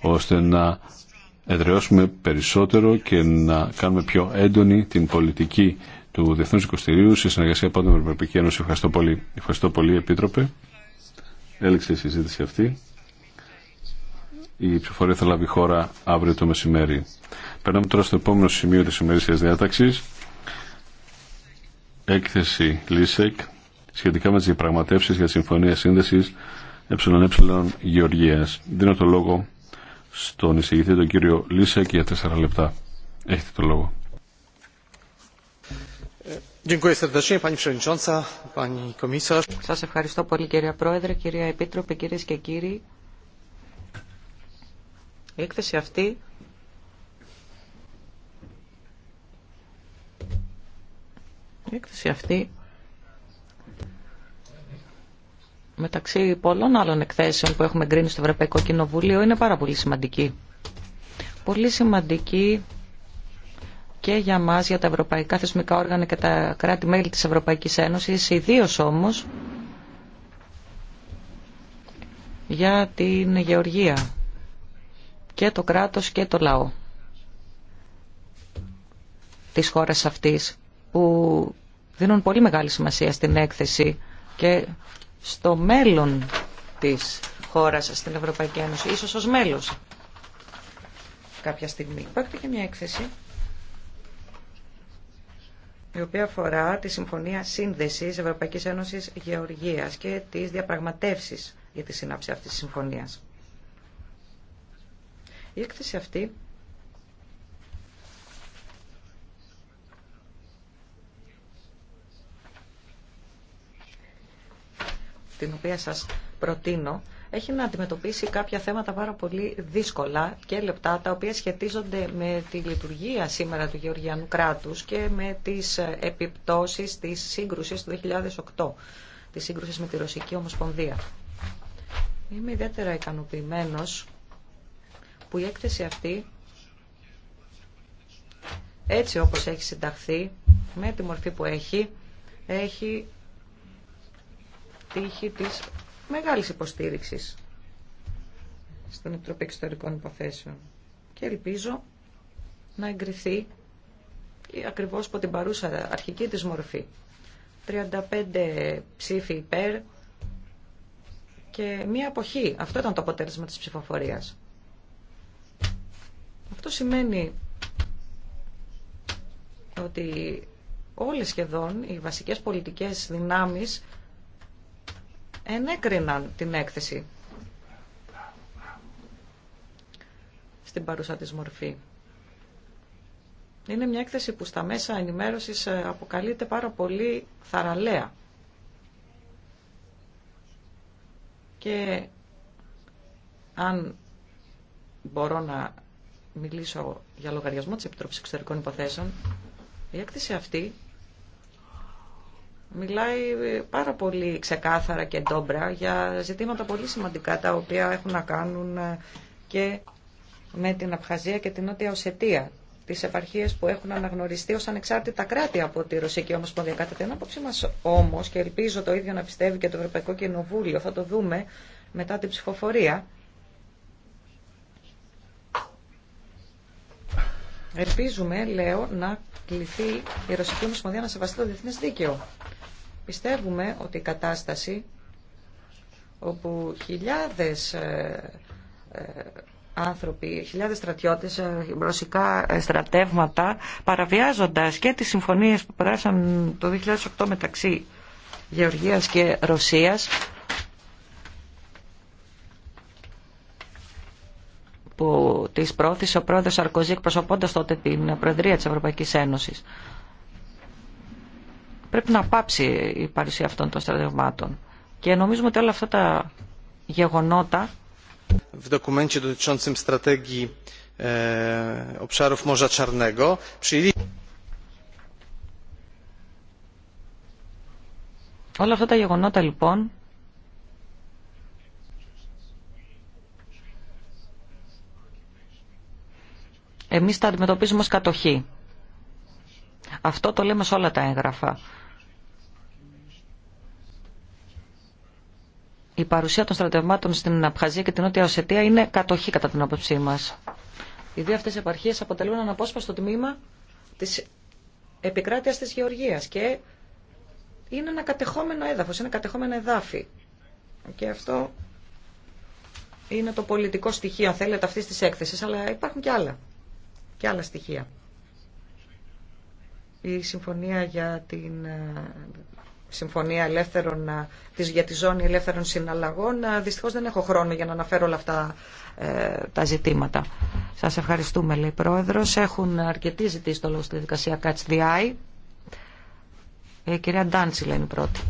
ώστε να εδραιώσουμε περισσότερο και να κάνουμε πιο έντονη την πολιτική του Διεθνούς Οικοστηρίου σε συνεργασία από την Ευρωπαϊκή Ένωση. Ευχαριστώ πολύ. Ευχαριστώ πολύ, Επίτροπε. Έλεξε η συζήτηση αυτή. Η ψηφορία θα λάβει χώρα αύριο το μεσημέρι. Περνάμε τώρα στο επόμενο σημείο της ημερήσιας διάταξης. Έκθεση ΛΙΣΕΚ σχετικά με τις διαπραγματεύσεις για τη Συμφωνία Σύνδεσης ΕΕ Γεωργίας. Δίνω το λόγο στον εισηγητή τον κύριο και για τέσσερα λεπτά. Έχετε το λόγο. Σας ευχαριστώ πολύ κυρία Πρόεδρε, κυρία Επίτροπε, κυρίες και κύριοι. Η έκθεση αυτή η έκθεση αυτή μεταξύ πολλών άλλων εκθέσεων που έχουμε εγκρίνει στο Ευρωπαϊκό Κοινοβούλιο είναι πάρα πολύ σημαντική. Πολύ σημαντική και για μας, για τα ευρωπαϊκά θεσμικά όργανα και τα κράτη-μέλη της Ευρωπαϊκής Ένωσης, ιδίω όμως για την γεωργία και το κράτος και το λαό της χώρας αυτής που δίνουν πολύ μεγάλη σημασία στην έκθεση και στο μέλλον της χώρας στην Ευρωπαϊκή Ένωση, ίσως ως μέλος κάποια στιγμή. Υπάρχει και μια έκθεση η οποία αφορά τη Συμφωνία Σύνδεσης Ευρωπαϊκής Ένωσης Γεωργίας και τις διαπραγματεύσεις για τη σύναψη αυτής της συμφωνίας. Η έκθεση αυτή την οποία σας προτείνω, έχει να αντιμετωπίσει κάποια θέματα πάρα πολύ δύσκολα και λεπτά, τα οποία σχετίζονται με τη λειτουργία σήμερα του Γεωργιανού κράτους και με τις επιπτώσεις της σύγκρουσης του 2008, της σύγκρουσης με τη Ρωσική Ομοσπονδία. Είμαι ιδιαίτερα ικανοποιημένος που η έκθεση αυτή, έτσι όπως έχει συνταχθεί, με τη μορφή που έχει, έχει τύχη της μεγάλης υποστήριξης στην Επιτροπή Εξωτερικών Υποθέσεων και ελπίζω να εγκριθεί ακριβώς από την παρούσα αρχική της μορφή. 35 ψήφοι υπέρ και μία αποχή. Αυτό ήταν το αποτέλεσμα της ψηφοφορίας. Αυτό σημαίνει ότι όλες σχεδόν οι βασικές πολιτικές δυνάμεις ενέκριναν την έκθεση στην παρούσα της μορφή. Είναι μια έκθεση που στα μέσα ενημέρωσης ε, αποκαλείται πάρα πολύ θαραλέα. Και αν μπορώ να μιλήσω για λογαριασμό της Επιτροπής Εξωτερικών Υποθέσεων, η έκθεση αυτή μιλάει πάρα πολύ ξεκάθαρα και ντόμπρα για ζητήματα πολύ σημαντικά τα οποία έχουν να κάνουν ε, και με την Απχαζία και την Νότια Οσετία. Τι επαρχίε που έχουν αναγνωριστεί ω ανεξάρτητα κράτη από τη Ρωσική Ομοσπονδία. Κατά την άποψή μα όμω, και ελπίζω το ίδιο να πιστεύει και το Ευρωπαϊκό Κοινοβούλιο, θα το δούμε μετά την ψηφοφορία. Ελπίζουμε, λέω, να κληθεί η Ρωσική Ομοσπονδία να σεβαστεί το διεθνέ δίκαιο. Πιστεύουμε ότι η κατάσταση όπου χιλιάδες ε, ε, άνθρωποι, χιλιάδες στρατιώτες, ρωσικά ε, στρατεύματα παραβιάζοντας και τις συμφωνίες που περάσαν το 2008 μεταξύ Γεωργίας και Ρωσίας που τις πρόθεσε ο πρόεδρος Σαρκοζή εκπροσωπώντας τότε την Προεδρία της Ευρωπαϊκής Ένωσης. Πρέπει να πάψει η παρουσία αυτών των στρατευμάτων. Και νομίζουμε ότι όλα αυτά τα γεγονότα w dokumencie e, Όλα αυτά τα γεγονότα λοιπόν εμείς τα αντιμετωπίζουμε ως κατοχή. Αυτό το λέμε σε όλα τα έγγραφα. Η παρουσία των στρατευμάτων στην Απχαζία και την Νότια Οσετία είναι κατοχή κατά την άποψή μας. Οι δύο αυτές επαρχίες αποτελούν ένα απόσπαστο τμήμα της επικράτειας της Γεωργίας και είναι ένα κατεχόμενο έδαφος, ένα κατεχόμενο εδάφι. Και αυτό είναι το πολιτικό στοιχείο, αν θέλετε, αυτής της έκθεσης, αλλά υπάρχουν και άλλα, και άλλα στοιχεία η συμφωνία για την ε, Συμφωνία ελεύθερων, ε, για τη Ζώνη Ελεύθερων Συναλλαγών. Ε, δυστυχώς δεν έχω χρόνο για να αναφέρω όλα αυτά τα ζητήματα. Σας ευχαριστούμε, λέει Πρόεδρος. Έχουν αρκετοί ζητήσει το λόγο στη δικασία Catch the Eye. Η κυρία Ντάντσι λένε πρώτη.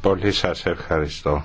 Πολύ σας ευχαριστώ,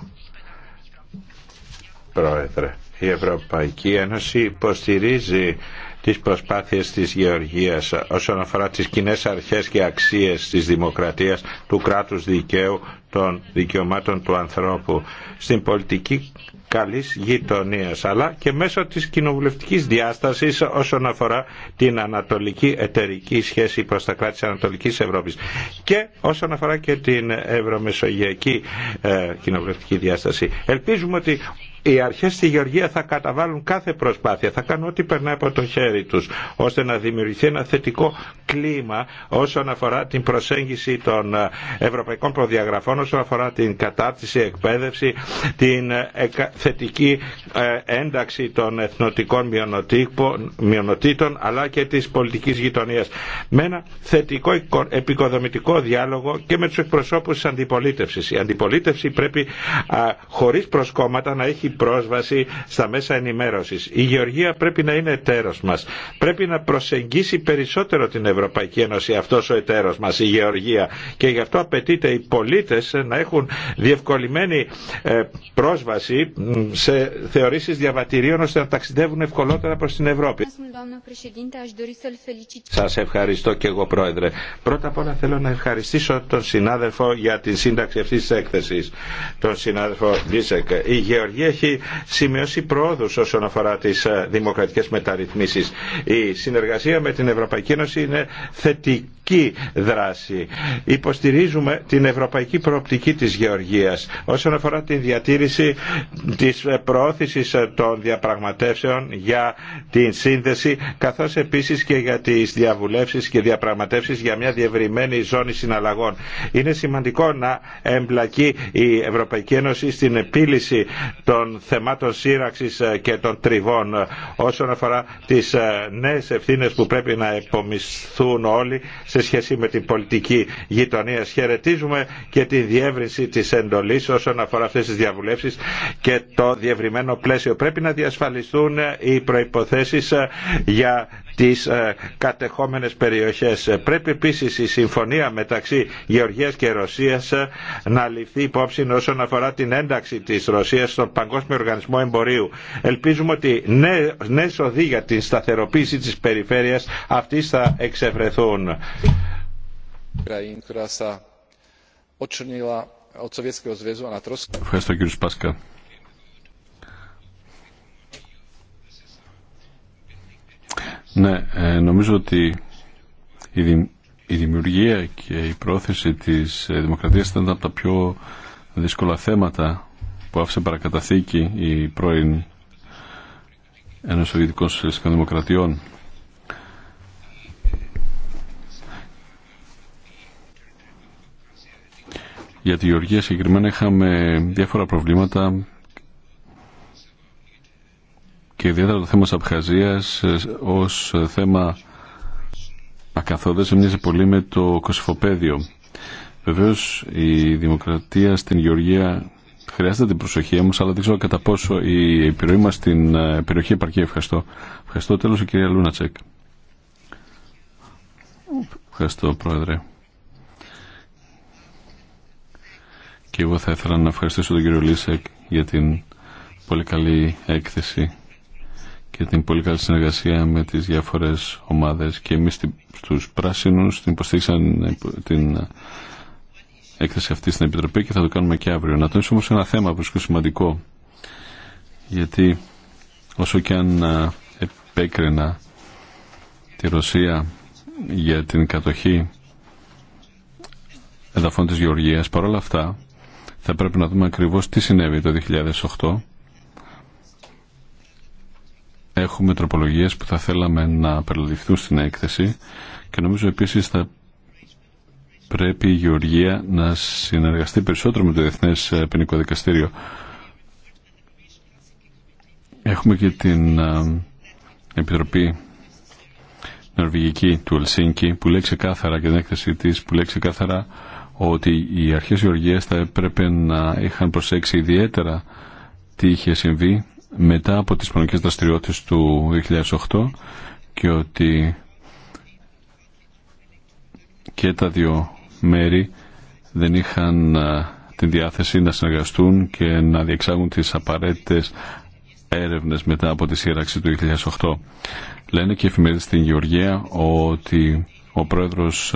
Πρόεδρε. Η Ευρωπαϊκή Ένωση υποστηρίζει τις προσπάθειες της Γεωργίας όσον αφορά τις κοινέ αρχές και αξίες της δημοκρατίας, του κράτους δικαίου, των δικαιωμάτων του ανθρώπου στην πολιτική καλής γειτονίας αλλά και μέσω της κοινοβουλευτικής διάστασης όσον αφορά την ανατολική εταιρική σχέση προς τα κράτη της Ανατολικής Ευρώπης και όσον αφορά και την ευρωμεσογειακή ε, κοινοβουλευτική διάσταση. Ελπίζουμε ότι οι αρχές στη Γεωργία θα καταβάλουν κάθε προσπάθεια, θα κάνουν ό,τι περνάει από το χέρι τους, ώστε να δημιουργηθεί ένα θετικό κλίμα όσον αφορά την προσέγγιση των ε, ευρωπαϊκών προδιαγραφών όσον αφορά την κατάρτιση, εκπαίδευση, την ε, θετική ε, ένταξη των εθνοτικών μειονοτήτων αλλά και της πολιτικής γειτονίας. Με ένα θετικό επικοδομητικό διάλογο και με τους εκπροσώπους της αντιπολίτευσης. Η αντιπολίτευση πρέπει χωρίς προσκόμματα να έχει πρόσβαση στα μέσα ενημέρωσης. Η Γεωργία πρέπει να είναι εταίρος μας. Πρέπει να προσεγγίσει περισσότερο την Ευρωπαϊκή Ένωση αυτός ο εταίρος μας, η Γεωργία. Και γι' αυτό απαιτείται οι πολίτες να έχουν διευκολυμένη ε, πρόσβαση σε θεωρήσεις διαβατηρίων ώστε να ταξιδεύουν ευκολότερα προς την Ευρώπη. Σας ευχαριστώ και εγώ Πρόεδρε. Πρώτα απ' όλα θέλω να ευχαριστήσω τον συνάδελφο για την σύνταξη αυτής της έκθεσης, τον συνάδελφο Ντίσεκ. Η Γεωργία έχει σημειώσει πρόοδους όσον αφορά τις ε, δημοκρατικές μεταρρυθμίσεις. Η συνεργασία με την Ευρωπαϊκή Ένωση είναι θετική ευρωπαϊκή δράση. Υποστηρίζουμε την ευρωπαϊκή προοπτική της γεωργίας. Όσον αφορά την διατήρηση της προώθησης των διαπραγματεύσεων για την σύνδεση, καθώς επίσης και για τις διαβουλεύσεις και διαπραγματεύσεις για μια διευρυμένη ζώνη συναλλαγών. Είναι σημαντικό να εμπλακεί η Ευρωπαϊκή Ένωση στην επίλυση των θεμάτων σύραξης και των τριβών όσον αφορά τις νέες ευθύνες που πρέπει να επομισθούν όλοι σε σχέση με την πολιτική γειτονία. Χαιρετίζουμε και τη διεύρυνση της εντολή όσον αφορά αυτέ τι διαβουλεύσει και το διευρυμένο πλαίσιο. Πρέπει να διασφαλιστούν οι προποθέσει ε, για τις ε, κατεχόμενες περιοχές. Πρέπει επίσης η συμφωνία μεταξύ Γεωργίας και Ρωσίας ε, να ληφθεί υπόψη όσον αφορά την ένταξη της Ρωσίας στον Παγκόσμιο Οργανισμό Εμπορίου. Ελπίζουμε ότι νέες οδοί για την σταθεροποίηση της περιφέρειας αυτή θα εξευρεθούν. Ναι, ε, νομίζω ότι η δημιουργία και η πρόθεση της ε, δημοκρατίας ήταν από τα πιο δύσκολα θέματα που άφησε παρακαταθήκη η πρώην Ένωση Σοβιετικών Δημοκρατιών. Για τη Γεωργία συγκεκριμένα είχαμε διάφορα προβλήματα και ιδιαίτερα το θέμα της Απχαζίας ε, ως ε, θέμα ακαθόδες μοιάζει πολύ με το κοσυφοπαίδιο. Βεβαίως η δημοκρατία στην Γεωργία χρειάζεται την προσοχή μας, αλλά δεν ξέρω κατά πόσο η επιρροή μας στην ε, περιοχή επαρκεί. Ευχαριστώ. Ευχαριστώ τέλος η κυρία Λούνατσεκ. Ευχαριστώ πρόεδρε. Και εγώ θα ήθελα να ευχαριστήσω τον κύριο Λίσεκ για την πολύ καλή έκθεση και την πολύ καλή συνεργασία με τις διάφορες ομάδες και εμείς στους πράσινους την υποστήριξαν την έκθεση αυτή στην Επιτροπή και θα το κάνουμε και αύριο. Να τονίσω όμως ένα θέμα που είναι σημαντικό γιατί όσο και αν επέκρινα τη Ρωσία για την κατοχή εδαφών της Γεωργίας παρόλα αυτά θα πρέπει να δούμε ακριβώς τι συνέβη το 2008 έχουμε τροπολογίες που θα θέλαμε να περιληφθούν στην έκθεση και νομίζω επίσης θα πρέπει η Γεωργία να συνεργαστεί περισσότερο με το Διεθνές Ποινικό Δικαστήριο. Έχουμε και την ε, Επιτροπή Νορβηγική του Ελσίνκη που λέει κάθαρα και την έκθεση της που λέει κάθαρα ότι οι αρχές Γεωργίας θα έπρεπε να είχαν προσέξει ιδιαίτερα τι είχε συμβεί μετά από τις πανικές δραστηριότητες του 2008 και ότι και τα δύο μέρη δεν είχαν την διάθεση να συνεργαστούν και να διεξάγουν τις απαραίτητες έρευνες μετά από τη σύραξη του 2008. Λένε και εφημερίδες στην Γεωργία ότι ο πρόεδρος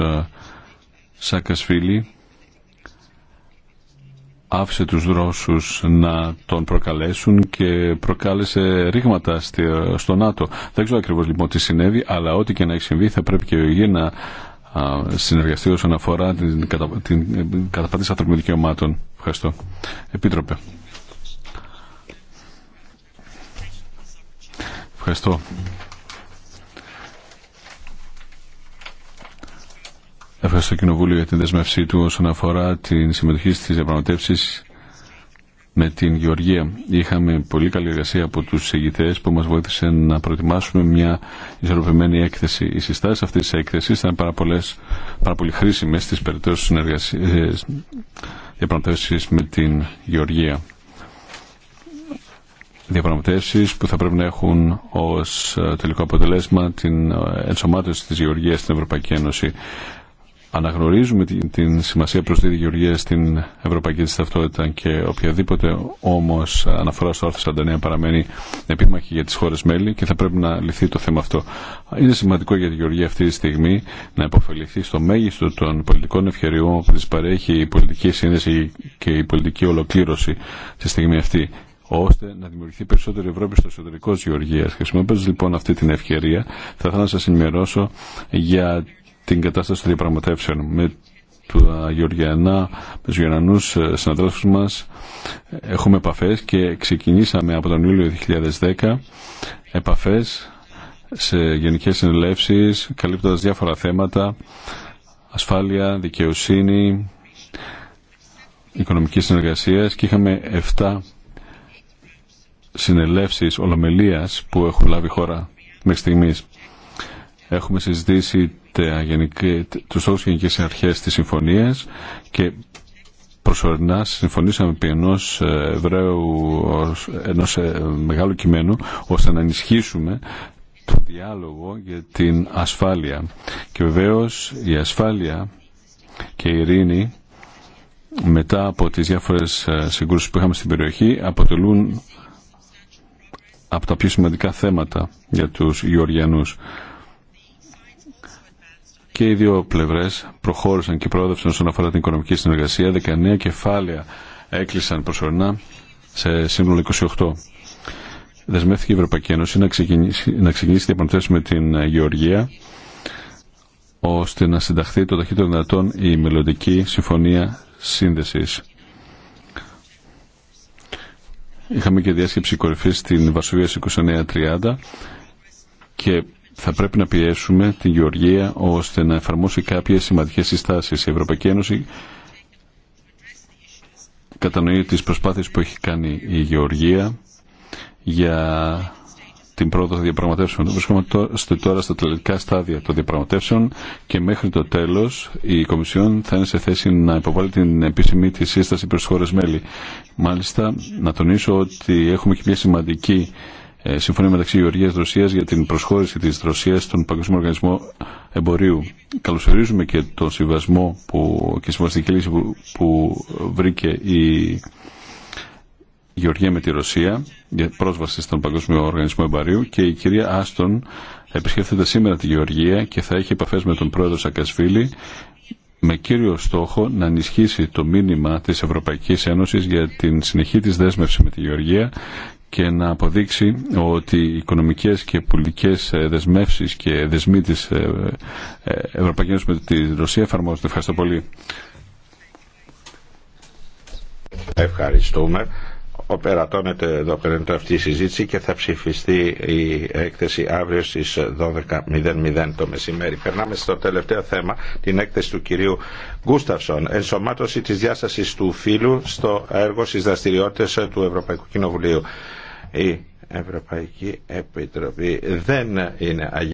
Σάκασφίλη άφησε τους Ρώσους να τον προκαλέσουν και προκάλεσε ρήγματα στο ΝΑΤΟ. Δεν ξέρω ακριβώς λοιπόν τι συνέβη, αλλά ό,τι και να έχει συμβεί θα πρέπει και η ΟΗΕ να συνεργαστεί όσον αφορά την, κατα... την καταπάτηση ανθρωπινών δικαιωμάτων. Ευχαριστώ. Επίτροπε. Ευχαριστώ. Ευχαριστώ Κοινοβούλιο για την δέσμευσή του όσον αφορά την συμμετοχή στις διαπραγματεύσει με την Γεωργία. Είχαμε πολύ καλή εργασία από τους ηγητές που μας βοήθησαν να προετοιμάσουμε μια ισορροπημένη έκθεση. Οι συστάσεις αυτής της έκθεσης ήταν πάρα, πολλές, πάρα πολύ χρήσιμες στις περιπτώσει ε, διαπραγματεύσεις με την Γεωργία. Διαπραγματεύσεις που θα πρέπει να έχουν ως τελικό αποτελέσμα την ενσωμάτωση της Γεωργίας στην Ευρωπαϊκή Ένωση αναγνωρίζουμε την σημασία προς τη γεωργία στην ευρωπαϊκή της ταυτότητα και οποιαδήποτε όμως αναφορά στο άρθρο 49 παραμένει επίμαχη για τις χώρες μέλη και θα πρέπει να λυθεί το θέμα αυτό. Είναι σημαντικό για τη γεωργία αυτή τη στιγμή να υποφεληθεί στο μέγιστο των πολιτικών ευκαιριών που της παρέχει η πολιτική σύνδεση και η πολιτική ολοκλήρωση τη στιγμή αυτή ώστε να δημιουργηθεί περισσότερη Ευρώπη στο εσωτερικό τη Γεωργία. Χρησιμοποιώντα λοιπόν αυτή την ευκαιρία, θα ήθελα να σα ενημερώσω για την κατάσταση των διαπραγματεύσεων με του Γεωργιανά, με τους Γεωργιανούς ε, συναδέλφους μας έχουμε επαφές και ξεκινήσαμε από τον Ιούλιο 2010 επαφές σε γενικές συνελεύσεις καλύπτοντας διάφορα θέματα ασφάλεια, δικαιοσύνη οικονομική συνεργασία και είχαμε 7 συνελεύσεις ολομελίας που έχουν λάβει χώρα μέχρι στιγμής Έχουμε συζητήσει του γενική, τους αρχέ τη αρχές της συμφωνίας και προσωρινά συμφωνήσαμε επί ενός, Εβραίου, ενός ε, μεγάλου κειμένου ώστε να ενισχύσουμε το διάλογο για την ασφάλεια. Και βεβαίως η ασφάλεια και η ειρήνη μετά από τις διάφορες ε, συγκρούσεις που είχαμε στην περιοχή αποτελούν από τα πιο σημαντικά θέματα για τους Γεωργιανούς και οι δύο πλευρέ προχώρησαν και πρόοδευσαν όσον αφορά την οικονομική συνεργασία. 19 κεφάλαια έκλεισαν προσωρινά σε σύνολο 28. Δεσμεύτηκε η Ευρωπαϊκή Ένωση να ξεκινήσει, να ξεκινήσει διαπραγματεύσει με την Γεωργία ώστε να συνταχθεί το ταχύτερο δυνατόν η μελλοντική συμφωνία σύνδεση. Είχαμε και διάσκεψη κορυφή στην Βασοβία 29.30 και θα πρέπει να πιέσουμε την Γεωργία ώστε να εφαρμόσει κάποιες σημαντικές συστάσεις. Η Ευρωπαϊκή Ένωση κατανοεί τις προσπάθειες που έχει κάνει η Γεωργία για την πρόοδο των διαπραγματεύσεων. Βρισκόμαστε τώρα στα τελικά στάδια των διαπραγματεύσεων και μέχρι το τέλο η Κομισιόν θα είναι σε θέση να υποβάλει την επίσημή τη σύσταση προ χώρε μέλη. Μάλιστα, να τονίσω ότι έχουμε και μια σημαντική ε, συμφωνία μεταξύ Γεωργίας Ρωσίας για την προσχώρηση της Ρωσίας στον Παγκοσμίο Οργανισμό Εμπορίου. Καλωσορίζουμε και το συμβασμό που, και συμβαστική λύση που, βρήκε η Γεωργία με τη Ρωσία για πρόσβαση στον Παγκοσμίο Οργανισμό Εμπορίου και η κυρία Άστον επισκέφθεται σήμερα τη Γεωργία και θα έχει επαφές με τον πρόεδρο Σακασφίλη με κύριο στόχο να ενισχύσει το μήνυμα της Ευρωπαϊκής Ένωσης για την συνεχή της δέσμευση με τη Γεωργία και να αποδείξει ότι οι οικονομικές και πολιτικές ε, δεσμεύσεις και δεσμοί της ε, ε, Ευρωπαϊκής Ένωσης με τη Ρωσία εφαρμόζονται. Ευχαριστώ πολύ. Ευχαριστούμε. Οπερατώνεται εδώ πέρα αυτή η συζήτηση και θα ψηφιστεί η έκθεση αύριο στις 12.00 το μεσημέρι. Περνάμε στο τελευταίο θέμα, την έκθεση του κυρίου Γκούσταυσον. Ενσωμάτωση της διάστασης του φύλου στο έργο στις δραστηριότητες του Ευρωπαϊκού Κοινοβουλίου η Ευρωπαϊκή Επιτροπή δεν είναι